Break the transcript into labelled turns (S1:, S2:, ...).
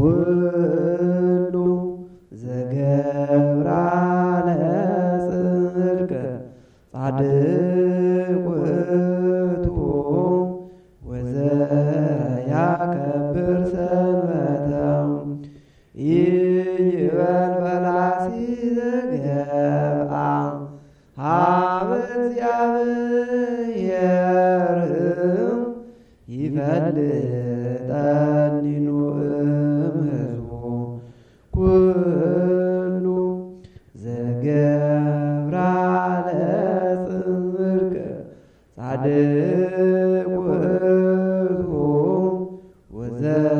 S1: ኩሉ ዘገብራ ለጽድቅ ጻድቁቱ ወዘያከብር ሰንበተው ይይበል በላሲ ዘገብአ ሀበ
S2: እግዚአብሔር
S1: ይፈልጠኒኑ ገብራ ጻድቅ ወዘ